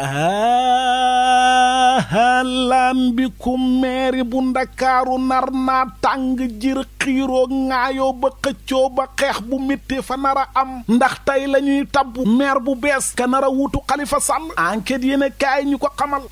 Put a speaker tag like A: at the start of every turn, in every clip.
A: halan bikum meeri bu ndakaaru nar naa tàng jër xiiroo ŋaayoo ba xëccoo ba xeex bu métti fa nar am ndax tey la ñuy tabbu maire bu bees ka nar a wutu Xalifa Sàll enquête yéen a kaay ñu ko xamal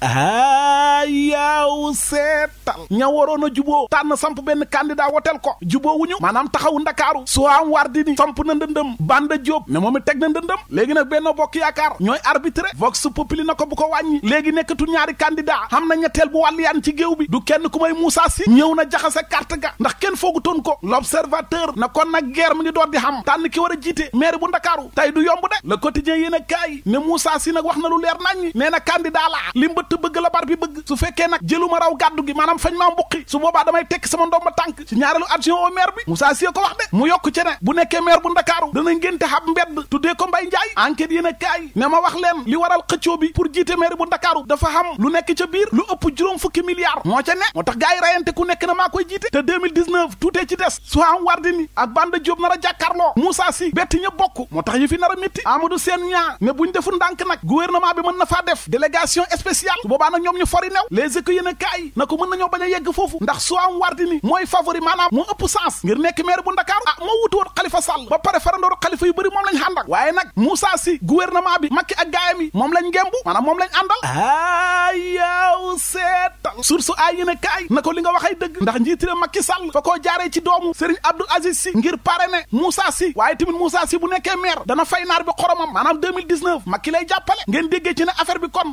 A: yaaw seetal ña waroon a juboo tànn samp benn candidat woteel ko juboo wu ñu maanaam taxawu ndakaaru su am war di ni samp na ndëndëm Banda Diop mais moom it teg na ndëndëm léegi nag Benno Bokk Yaakaar ñooy arbitré vox populi na ko bu ko wàññi léegi nekkatu ñaari candidat xam na ñetteel bu wàll yaan ci géew bi du kenn ku may Moussa Sy ñëw na jaxase carte ga ndax kenn foogu toon ko l'observateur na kon nag guerre ni ngi di xam tànn ki war a jiite maire bu ndakaaru tey du yom de le quotidien yéen a kaay ne Moussa Sy nag wax na lu leer nañ ñi nee na candidat la li mbëtt la bar waaye nag jëluma raw gàddu gi maanaam fañ maa mbuqi su boobaa damay tekki sama ndomba tànk ci ñaareelu adjoint au maire bi Moussa Seye ko wax de mu yokk ci ne bu nekkee maire bu Ndakaaru dana ngénte xab mbedd tuddee ko Mbay Njaay enquête yéen a kaay ne ma wax leen li waral xëccoo bi pour jiite maire bu Ndakaaru dafa xam lu nekk ca biir lu ëpp juróom fukki milliards moo ca ne moo tax gars yi ku nekk na maa koy jiite te tuutee ci des su am Wardini ak Banda a jàkkaarloo bokk moo tax yi fi nar a métti Amadou Sène ñaa ne buñ deful ndànk nag gouvernement bi mën na faa def ñoom ñu si que yéen a kaay na ko mën nañoo bañ a yegg foofu ndax soo am Wardini mooy favori maanaam moo ëpp sens ngir nekk maire bu Ndakaaru ah moo wutu woon Khalifa Sall ba pare farandoor Khalifa yu bëri moom lañ àndak waaye nag Moussa Sy gouvernement bi Macky ak moom lañ ngembu maanaam moom lañ àndal a ah seetal source ay yéen na ko li nga waxay dëgg ndax njiitire Macky Sall fa koo jaaree ci doomu Serigne Abdoul Aziz Sy ngir parrainer ne affaire bi kon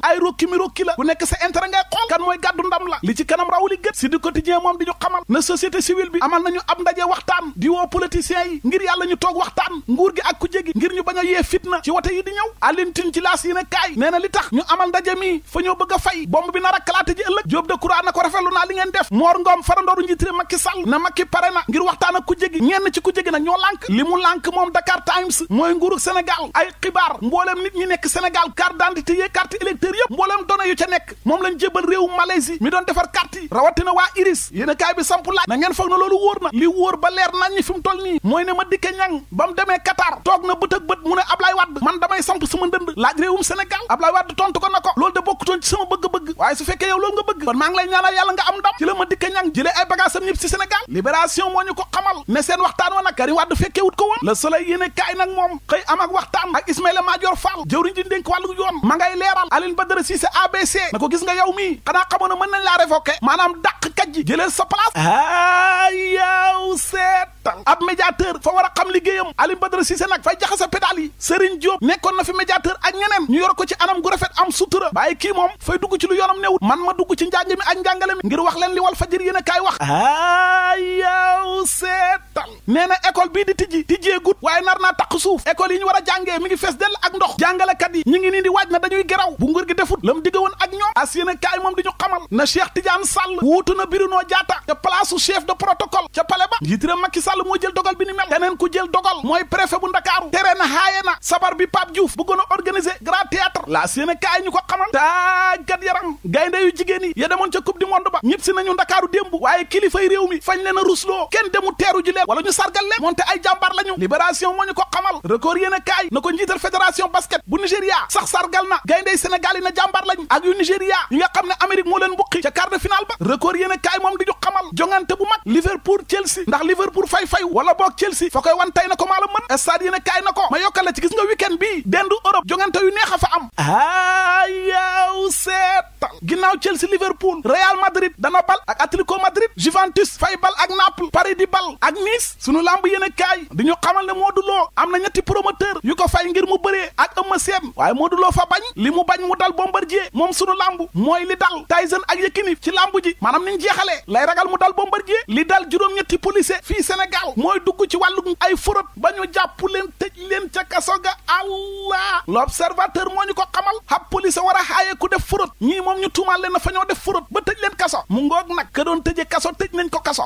A: ay mooy gàddu ndam la li ci kanam raw li gët si du quotidien moom di ñu xamal na société civile bi amal nañu ab ndaje waxtaan di woo politiciens yi ngir yàlla ñu toog waxtaan nguur gi ak ku jégi ngir ñu bañ a yee fitna ci wote yi di ñëw alintin ci laas yi ne kaay nee li tax ñu amal ndaje mi fa ñoo bëgg a fay bomb bi nar a kalaate ji ëllëg Jóob de Kura na ko rafetlu naa li ngeen def Moor Ngoom farandooru njiitire Macky Sall na Macky pare na ngir waxtaan ak ku Malaisie mi doon defar carte yi rawatina waa a kaay bi samp laaj na ngeen foog na loolu tontu ko na ko loolu de bokkutoon ci sama bëgg-bëgg waaye su fekkee yow loolu nga bëgg kon maa ngi lay ñaanal yàlla nga am ndam ci la ma dikke ñang jëlee ay bagaasam ñëpp ci Sénégal moo ñu ko xamal ne seen waxtaan wa nag Karim Wade fekkee wut ko woon Le Soleil yéen a kaay nag moom xëy am waxtaan ak Ismaïla Madior Fall jëwriñ ji dénk wàllu yoon ma ngay leeral Aline Badara Cissé ABC na ko gis nga yow mii xamoon ne mën nañ laa révoquer maanaam dàq kaj ji jëlee sa place a yaaw seetal ab a xam liggéeyam Alioune Badara Cissé nag fay jaxase pédale yi Serigne Diop nekkoon na fi médiateur ñu yor ko ci anam gu rafet am sutura waaye kii moom fay dugg ci lu yoonam newut man ma dugg ci njàng mi ak njàngale mi ngir wax leen li wal fajir yéen a kaay wax a yaaw seetal nee na école bii di tijji tijjee gut waaye nar naa taq suuf école yi war a jàngee mi ngi fees dell ak ndox jàngalekat yi ñu ngi nii di waaj na dañuy geraw bu nguur gi defut lam digga woon ak ñoom as yéen moom di ñu xamal na Cheikh Tidiane Sall wuutu na Bruno Diatta ca palaasu chef de protocole ca palais ba njiit réew Macky Sall moo jël dogal bi ni mel keneen ku jël dogal mooy préfet bu Ndakaaru tere na xaaye na sabar bi Pape Diouf bëggoon a organiser grand théâtre laa séen a ñu ko xamal tàggat yaram gaynde yu jigéen ya demoon ca coupe du ba ñëpp si nañu ndakaaru démb waaye kilifay réew mi fañ leen a rusloo kenn demu teeru ji leen wala ñu sargal leen moonte ay jàmbaar lañu libération moo ñu ko xamal record yéen a na ko njiital fédération basket bu Nigéria sax sargal na gayndey Sénégal yi na jàmbaar lañu ak yu Nigéria yi nga xam ne Amérique moo leen mbuqi ca quart de ba record yéen a kaay moom stade yéen a kaay na ko ma yokkal la ci gis nga week-end bi dendu Europe jongante yu neex a fa am aa yow seetal ginnaaw Chelsea Liverpool Real Madrid dana bal ak Atlético Madrid Juventus fay bal ak Naples Paris di bal ak Nice sunu lamb yéen a kaay di ñu xamal ne Modou am na ñetti promoteur yu ko fay ëmma seen waaye Modou Lo fa bañ li mu bañ mu dal Bombardier moom sunu làmb mooy li dal Tyson ak Yékini ci làmb ji maanaam niñ jeexalee lay ragal mu dal Bombardier li dal juróom-ñetti policier fii Sénégal mooy dugg ci wàllu ay forot ba ñu jàpp leen tëj leen ca kaso ga allah l'observateur moo ñu ko xamal ab police war a ku def forot ñii moom ñu tuumaal leen na fa ñoo def forot ba tëj leen kaso mu ngoog nag ka doon tëje kaso tëj nañ ko kaso